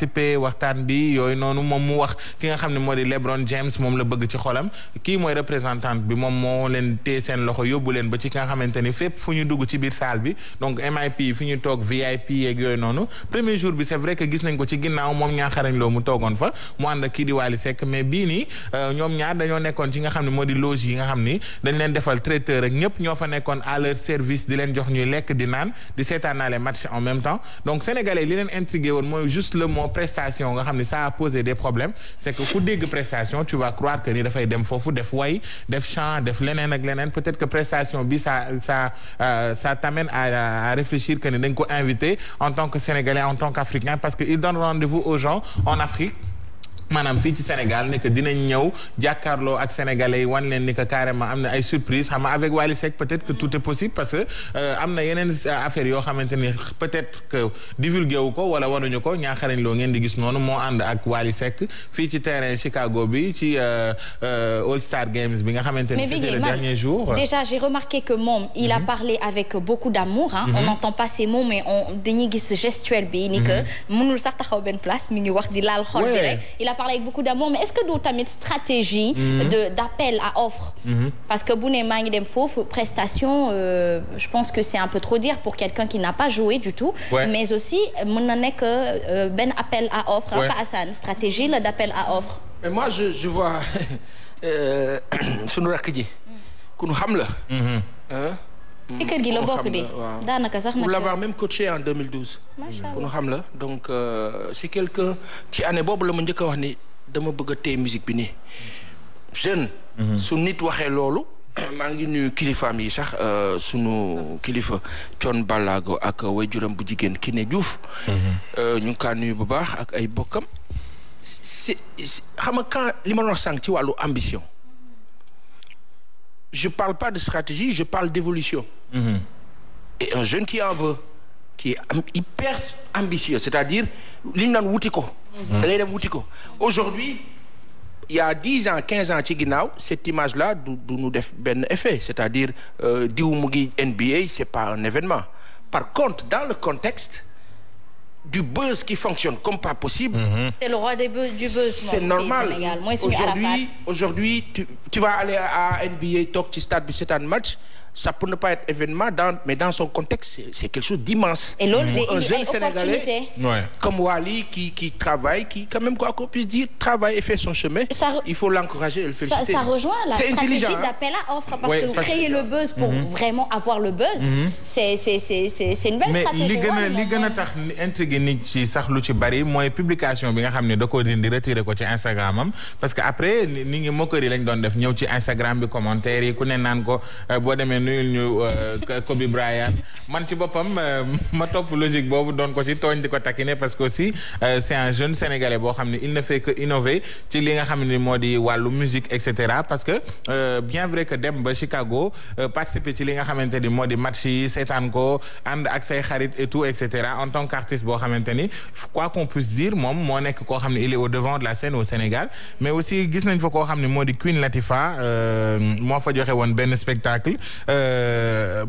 participer waxtaan bi yooyu noonu moom mu wax ki nga xam ne moo di LeBron James moom la bëgg ci xolam kii mooy représentante bi moom moo leen téye seen loxo yóbbu leen ba ci ki nga xamante ni fépp dugg ci bi donc MIP fi ñu toog noonu premier jour bi c'est vrai ko ci ginnaaw moom ñaa xarañ loo mu toogoon fa mu ànd ak kii di Wally Seck mais bii euh, moo di loge yi nga xam ni dañ leen defal traiteur ak ñëpp ñoo fa nekkoon à leur service di leen jox ñuy lekk di naan di seetaanaale match en même temps donc sénégalais li leen intrigué woon mooy juste le mot prestation nga xam ne ça a posé des problèmes c'est que ku dégg prestation tu vas croire que ni dafay dem foofu def way def chant def leneen ak leneen peut-être que prestation bi ça ça euh, ça t'amène à réfléchir que ni dañ ko invité en tant que Sénégalais en tant qu'Africain parce que il donne rendez-vous aux gens en Afrique maanaam fii ci Sénégal ne que dinañ ñëw jàkkaarloo ak sénégalais yi wan leen ni que carrément am na ay surprise xam nga avec Wally Seck peut-être que tout est possible parce que euh, am na yeneen euh, affaires yoo xamante ni peut-être que divulgué wu ko wala waruñu ko ñaaxarañ loo ngeen di gis noonu moo ànd ak Wally Seck fii ci terrain Chicago bi ci euh, All Star Games bi nga xamante ni c'était le dernier jour. déjà j'ai remarqué que moom il a mm-hmm. parlé avec beaucoup d'amour on mm-hmm. n'entend pas ces mots mais on gis gestuel bi ni que mm-hmm. mënul sax parlé avec beaucoup d'amour mais est-ce que du tamit stratégie. Mhm. de d'appel à offre. Mhm. parce que bu ne maa ngi dem foofu prestation euh, je pense que c'est un peu trop dire pour quelqu'un qui n'a pas joué du tout. mais aussi mën na nekk euh, benn appel à offre. waaw pas Assane stratégie la d'appel à offre. mais moi je je vois euh, sunu rakk ji. Mm. ku nu xam la. Mhm. Mm. ci kër gi la bokk di daanaka sax nag pour l'avoir xam la donc euh, si quelqu'un ci année boobu la ma njëkk a wax ni dama bëgg a téye musique bi nii jeune. Mhm. su nit waxee loolu. maa ngi nuyu kilifaam yi sax euh, suñu kilifa Thione ballaago ak waajuram bu jigéen ki ne Diouf. Mhm. Euh, ñu kaa nuyu bu baax ak ay bokkam. si si xam li ma doon wax sànq ci wàllu ambition. je parle pas de stratégie je parle d'évolution mhm. et un jeune qui en veut qui est hyper ambitieux c'est-à-dire li ñu naan wuti ko mhm. da wuti ko aujourd'hui i y a dix ans quinze ans ci ginnaaw cette image là du du ñu def benn effet c'est-à-dire euh, diw mu ngi NBA c'est pas un événement par contre dans le contexte du buzz qui fonctionne comme pas possible. Mm-hmm. C'est le roi des buzz du buzz. C'est normal aujourd'hui aujourd'hui tu tu vas aller à NBA toog ci stade bi seetaan match. ça peut ne pas être événement dans mais dans son contexte c'est quelque chose d'immense. et loolu de mm. un jeune Sénégalais comme Wally qui qui travaille qui quand même qu'on puisse dire travaille et fait son chemin. il faut l'encourager et le féliciter. ça la stratégie d'appel à offre parce que créer le buzz pour mm-hmm. vraiment avoir le buzz. Mm-hmm. c'est c'est une belle stratégie. mais li gën a li gën a tax intrigué nit ci sax lu ci bari mooy publication bi nga xam ne da koo dindi retiré ko ci Instagram am parce que après ni ngi mokkari lañ doon def ñëw ci Instagram bi commentaire yi ne naan euh, nuyul ñu euh, Kobe Bryant man ci boppam euh, ma topp logique boobu doon ko ci tooñ di ko takkine parce que aussi euh, c'est un jeune sénégalais boo xam ne il ne fait que innover ci li nga xam ne moo di wàllu musique et cetera parce que euh, bien vrai que dem ba Chicago participer ci li nga xamante ni moo di match yi seetaan ko ànd ak say xarit et et cetera en tant qu'artiste boo xamante ni quoi qu'on puisse dire moom moo nekk koo xam ne il e au devant de la scène au Sénégal mais aussi gis nañ fa koo xam ne moo di Queen Latifah moo fa joxe woon benn spectacle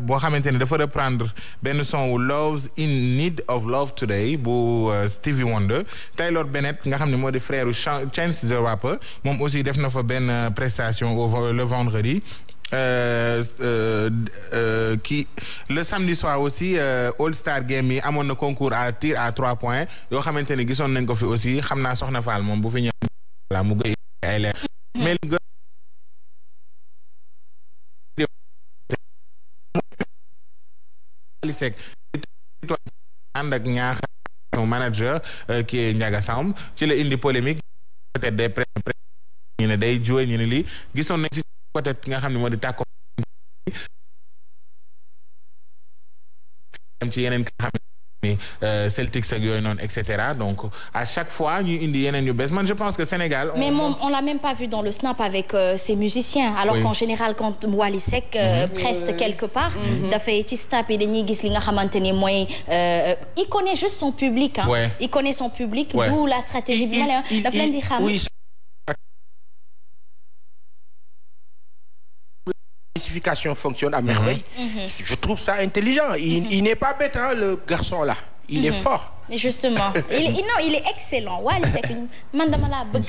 boo xamante ni dafa reprendre benn son wu Love's in Need of Love Today bu euh, Stevie Wonder Taylor Bennett nga xam ne moo di frère Chance the Rapper moom aussi def na fa benn euh, prestation au le vendredi Euh, euh, euh, qui le samedi soir aussi euh, All Star Game yi amoon na concours à tir à trois points yoo xamante ne gisoon nañ ko fi aussi xam naa soxna Fall moom bu fi ñëw la mu gën ay leer Wally ànd ak ñaaxa manager euh, qui est Ndiaga Samb ci la indi polémique peut-être des pré ñu ne day joué ñu ne lii gisoon nañ si côté ki nga xam ne moo di tàkko ci yeneen ki xam Euh, Celtics ak yooyu noonu et cetera donc à chaque fois ñu indi yeneen yu bees je pense que Sénégal. on on l'a même pas vu dans le snap avec ses euh, musiciens. alors qu'en général quand Wally Seck. Euh, mm-hmm. preste quelque part. Mm-hmm. dafay ci snap yi dañuy gis li nga xamante il connaît juste son public. il connaît son public. d'où la stratégie bi ma lay wax diversification fonctionne à mhm. merveille. Mm -hmm. Je trouve ça intelligent. Il, mm -hmm. il n'est pas bête, hein, le garçon là. Il est mhm. fort. justement il non il est excellent Wally Seck man dama laa bëgg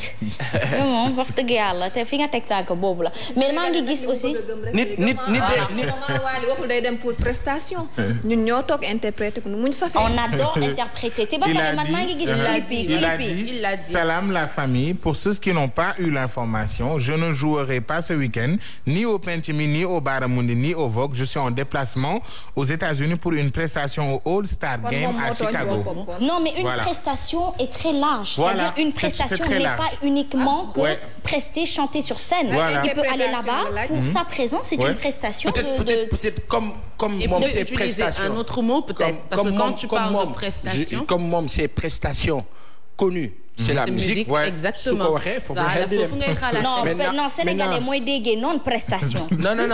mais moom wax dëgg yàlla te fi nga teg tànk boobu la aussi. nit nit nit de day dem pour prestation. ñun ñoo toog interpréter ko muñ safee. on adore interpréter te ba il a dit la famille pour ceux qui n'ont pas eu l'information je ne jouerai pas ce week-end ni au Penc Mi ni au Baramundi ni au Vogue je suis en déplacement aux États-Unis pour une prestation au All Star Game à Chicago. prestation. Non, mais une voilà. prestation est très large. Voilà. cest une prestation n'est pas uniquement ah, que prester, chanter sur scène. Voilà. Il peut aller là-bas pour mhm. sa présence, c'est une prestation de, comme comme comme que quand tu parles c'est mhm. la musique waaye non non sénégalais mooy non prestation. non non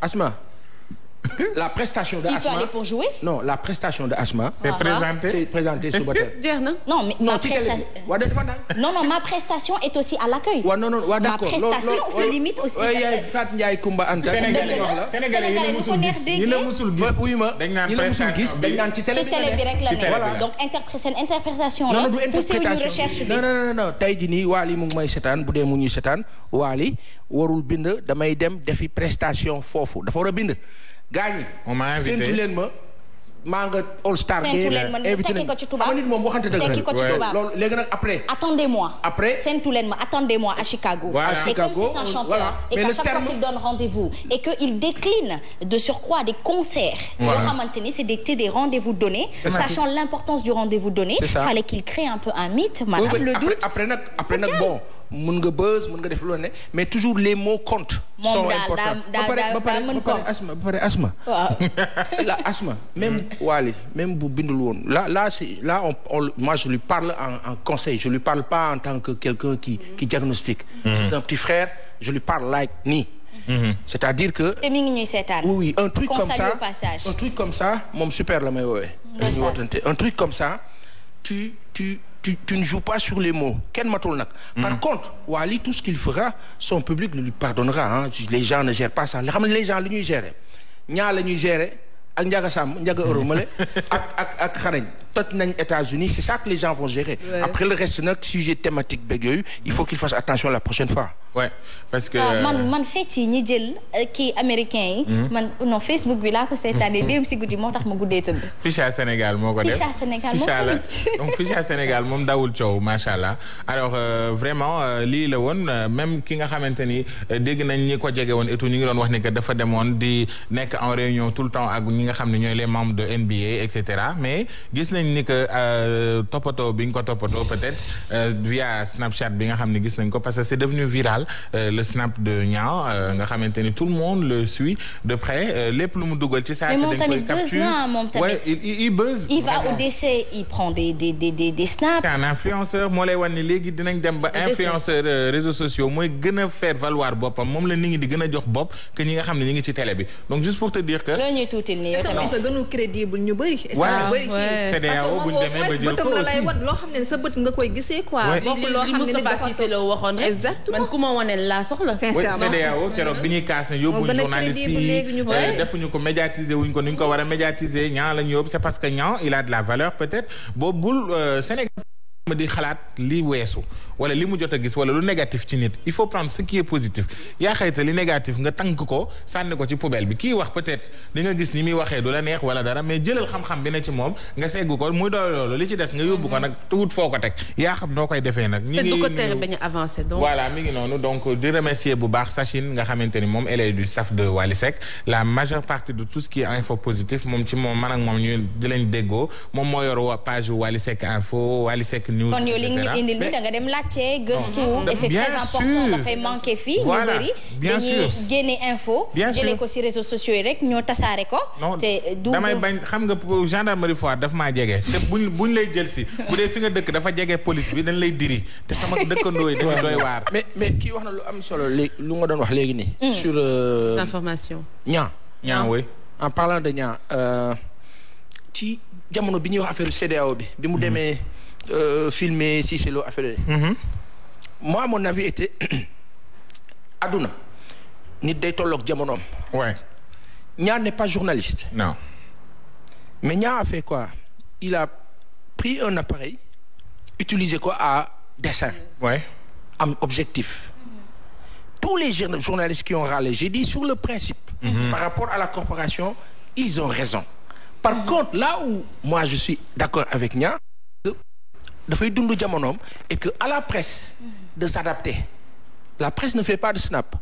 Asma. la prestation de. Asma non la prestation de Asma. c'est ah, ah. présenté c'est présenté ma prestation est aussi à l'accueil ma prestation se limite aussi. yaay Fat Ndiaye Kumba Anta. Sénégalais yi la musul gis yi la musul donc interprétation la. non non du interprétation non non non tey jii nii Wally mu ngi may setaan bu dee warul bind damay dem defi prestation foofu dafa war a gaañi. on m'a invité séntu leen ma. maa nga all star séntu leen ma tekki ko ci tubaab nit moom waxante dëgg tekki ko ci tubaab loolu léegi nag après. attendez-moi après séntu leen ma attendez-moi à Chicago. voilà à Chicago et comme c'est un chanteur. Euh, voilà et qu'à chaque fois qu'il donne rendez-vous et que il décline de surcroît des concerts. voilà yoo xamante ni c'est des des rendez-vous donnés. sachant l'importance du rendez-vous donné. c'est ça fallait qu'il crée un peu un mythe. maanaam le doute après nag après nag bon. mun nga buzz mun nga def lu ne mais toujours les mots comptent. sont importants ba pare ba pare asma ba même Wally même bu bindul woon là là c'est là on on moi je lui parle en en conseil je lui parle pas en tant que quelqu'un qui qui diagnostique. Mhm. c'est un petit frère je lui parle like nii. Mhm. c'est-à-dire que. te mi ngi ñuy seetaan. oui un truc comme ça un super la may woowee. un truc comme ça tu tu ne joues pas sur les mots kenn matul nag. Hmm. par contre Wally tout ce qu'il fera son public lui pardonnera les gens ne gèrent pas ça xam nga les gens li ñuy gérer ñaar la ñuy gérer ak Ndiaga Samb Ndiaga Oromale ak ak ak xarañ. toj nañ États-Unis c'est ça que les gens vont gérer. Ouais. après le reste nag sujet thématique beeg yooyu il faut qu'ils fassent attention la prochaine fois. Ouais, parce que ah, man man fecc yi ñi jël euh, kii américain yi. Mhm. man non Facebook bi laa ko seetaanee démb si guddi moo tax ma guddee tëdd. Ficha Sénégal moo ko def Ficha Sénégal moo ko def donc moom dawul coow macha allah alors euh, vraiment euh, lii la woon même ki nga xamante ni dégg nañ ñi ko jege woon et ñu ngi doon wax ni que dafa demoon di nekk en réunion tout le temps ak ñi nga xam ne ñooy les membres de NBA et cetera nañ ni euh, toppatoo bi nga ko toppatoo peut-être euh, via Snapchat bi nga xam ne gis nañ ko parce que c'est devenu viral euh, le snap de Niang nga xamante ni tout le monde le suit de près lépp lu mu dugal ci saa si dañ koy capture moom tamit il buzz il va au influenceur moo lay wan ni léegi dinañ dem ba influenceur réseaux sociaux mooy gën a faire valoir boppam moom la ni ñi di gën a jox bopp que ñi nga xam ne ñi ngi ci tele bi donc juste pour te dire que loolu ñuy tuutil nii yow tamit gënu crédible ñu bëri CEDEAO bu ñu demee loo xam ne sa bët nga koy gisee quoi. bokkul loo xam ne dafa Cissé Lo waxoon rek. exactement man ku ma waneel laa soxla. sincèrement CEDEAO keroog bi ñuy kaas ne yóbbuñu journaliste yi eh, defuñu ko médiatiser wuñ ko ni ko war a médiatiser ñan lañu yóbbu c'est parce que ñan il a de la valeur peut-être boobul euh, Sénégal ma di xalaat li weesu wala li mu jot a gis wala lu négatif ci nit il faut prendre ce qui est positif yaa xayta li nga tànk ko sànni ko ci poubelle bi kii wax peut-être di nga gis ni muy waxee du la neex wala dara mais jëlal xam-xam bi ne ci moom nga segg ko muy doole loolu li ci des nga yóbbu ko nag tuut foo ko teg yaa xam noo koy defee nag ñu ngi ko tere a avancer donc mi ngi noonu donc di remercier bu baax Sachine nga xamante ni moom élève de Wally Seck la majeure partie de tout ce qui est moom ci moom man ak moom ñu di déggoo moom moo yor page Wally Seck info Wally Seck news laajte gëstu et c'est très important dafay manqué fii ñu bëri dañuy génne info jëlee ko si réseaux sociaux yi rek ñoo tasaare ko te du damay bañ xam nga gendarmerie foire daf maa jege te buñ buñ lay jël si bu dee fi nga dëkk dafa jege police bi dañ lay diri te sama dëkkandoo yi dañu doy waar mais mais kii wax na lu am solo léegi lu nga doon wax léegi nii mm. sur euh, information ñaa ñaa woy en parlant de ñaa euh, ci jamono bi ñuy wax affaire CEDEAO bi bi mu mm. demee euh, filmer si c'est l'eau affaire mhm. moi mon avis était aduna nit day tolloog jamonoom. n'est pas journaliste. non mais Niang a fait quoi il a pris un appareil utilisé quoi à dessein. ouais am objectif. tous les journalistes qui ont râlé j'ai dit sur le principe. Mhm. par rapport à la corporation ils ont raison. par mhm. contre là où moi je suis d'accord avec Niang. dafay dund jamonoom et que à la presse mhm. de s'adapter la presse ne fait pas de snap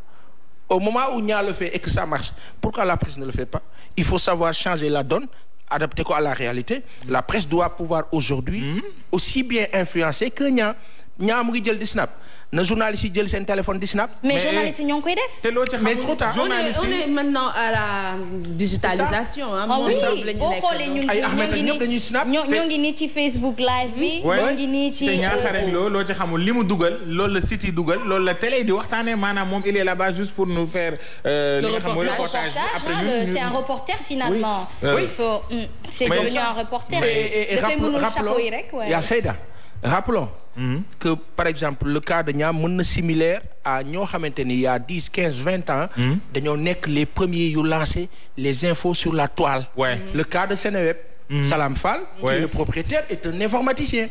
au moment où Nia le fait et que ça marche pourquoi la presse ne le fait pas il faut savoir changer la donne adapter ko à la réalité la presse doit pouvoir aujourd'hui mhm. aussi bien influencer que Nia Nia mu ngi jël di snap na journaliste yi jël seen téléphone di snap. mais journaliste yi ñoo ngi koy def. te loo ci xamul mais trop tard on est maintenant à la digitalisation. am a ah boo xoolee ñu ñoo ngi nii ci Facebook live bi. ñoo ngi nii ci loo loo xamul li mu dugal loolu la site yi dugal loolu la télé di waxtaanee maanaam moom il est là-bas juste pour nous faire. Euh, li nga xam mooy reportage après ñun c'est un reporter finalement. oui c'est devenu un reporter. dafay mënul chapeau yi rek waaye. rappelons mm que par exemple le cas de ñaam mën na similaire à ñoo xamante ni y a dix quinze vingt ans dañoo nekk les premiers yu lancer les infos sur la toile ouais. le cas de Seneweb mm. Salam Fall qui le propriétaire est un informaticien